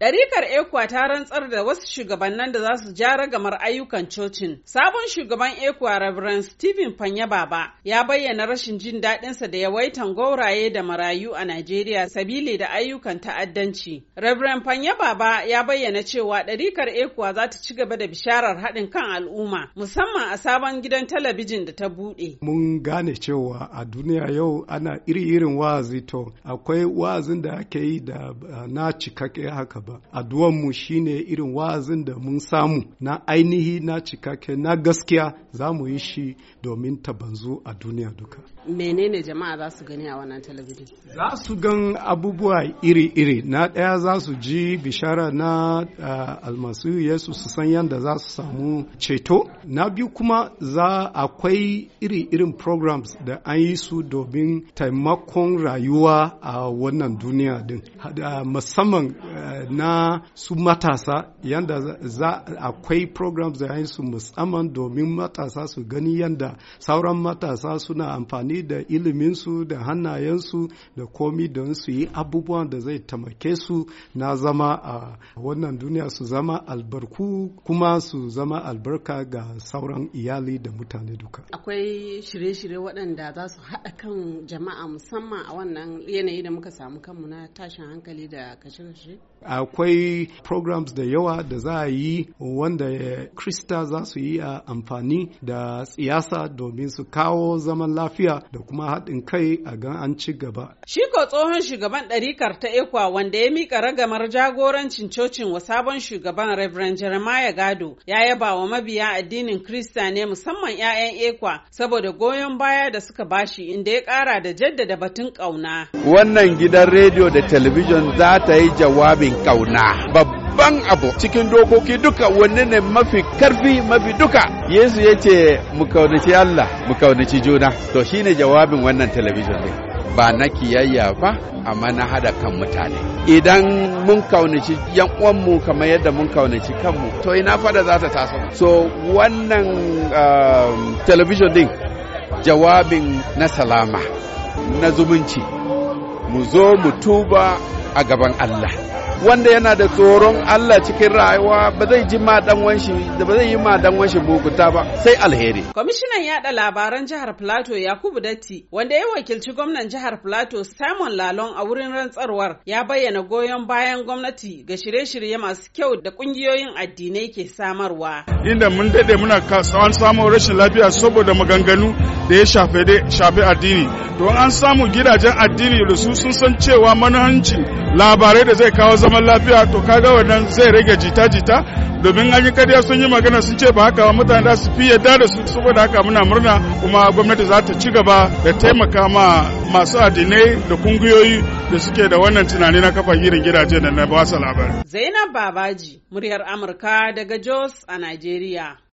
Ɗarikar Ekwa ta rantsar da wasu shugabannin da za su ja ragamar ayyukan cocin. Sabon shugaban Ekwa Reverend Stephen Fanya Baba ya bayyana rashin jin daɗinsa da yawaitan gauraye da marayu a Najeriya sabili da ayyukan ta'addanci. Reverend Fanya Baba ya bayyana cewa ɗarikar Ekwa za ta ci gaba da bisharar haɗin kan al'umma musamman a sabon gidan talabijin da ta buɗe. Mun gane cewa a duniya yau ana iri-irin wa'azi to akwai wa'azin da ake yi da ah, na cikakke haka ba mu shine irin wa'azin da mun samu na ainihi na cikakke na gaskiya za mu yi shi domin tabanzu a duniya duka menene jama'a za su gani a wannan talabijin za su gan abubuwa iri-iri na ɗaya za su ji bishara na uh, almasu yesu su san yadda za su samu ceto na biyu kuma za akwai iri-irin programs da an yi su domin taimakon rayuwa a wannan duniya din musamman eh, na su matasa yanda za akwai programs da su musamman domin matasa su gani yanda sauran matasa suna amfani da iliminsu da hannayensu da komi don su yi abubuwan da zai tamake su na zama a wannan duniya su zama albarku kuma su zama albarka ga sauran iyali da mutane duka. Akwai shirye-shirye waɗanda za su haɗa kan jama'a musamman a wannan yanayi da muka samu kanmu na tashin hankali da kashe-kashe? akwai programs da yawa da za a yi wanda eh, krista za su yi a ah, amfani da siyasa domin su kawo zaman lafiya da kuma haɗin kai a gan an ci gaba. Shi ko tsohon shugaban ɗarikar ta ekwa wanda ya mika ragamar jagorancin cocin wa sabon shugaban Reverend Jeremiah Gado ya yaba wa mabiya addinin Krista ne musamman 'ya'yan ekwa saboda goyon baya da suka bashi inda ya ƙara da jaddada batun ƙauna. Wannan gidan rediyo da talabijin za ta yi jawabin ƙauna. tattauna babban abu cikin dokoki duka wanne ne mafi karfi mafi duka yesu ya ce mu kaunaci allah mu kaunaci juna to shine jawabin wannan talabijin ne ba na kiyayya ba amma na hada kan mutane idan mun kaunaci yan uwanmu kamar yadda mun kaunaci kanmu to ina fada za ta taso so wannan um, talabijin din jawabin na salama na zumunci mu zo mu tuba a gaban Allah wanda yana da tsoron Allah cikin rayuwa ba zai ji ma dan wanshi da ba zai yi ma dan wanshi bukuta ba sai alheri. Kwamishinan yada labaran jihar Plateau Yakubu Datti wanda ya wakilci gwamnan jihar Plateau Simon Lalon a wurin rantsarwar ya bayyana goyon bayan gwamnati ga shirye-shirye masu kyau da kungiyoyin addinai ke samarwa. Inda mun dade muna kasuwan samun rashin lafiya saboda maganganu da ya shafe addini. To an samu gidajen addini da su sun san cewa manhancin labarai da zai kawo zaman lafiya to kaga wannan zai rage jita-jita domin an yi karya sun yi magana sun ce ba haka ba mutane da su fi yadda da su saboda haka muna murna kuma gwamnati za ta ci gaba da taimaka ma masu addinai da kungiyoyi da suke da wannan tunani na kafa hirin gidaje da na ba su labari. Zainab Babaji, muryar Amurka daga Jos a Najeriya.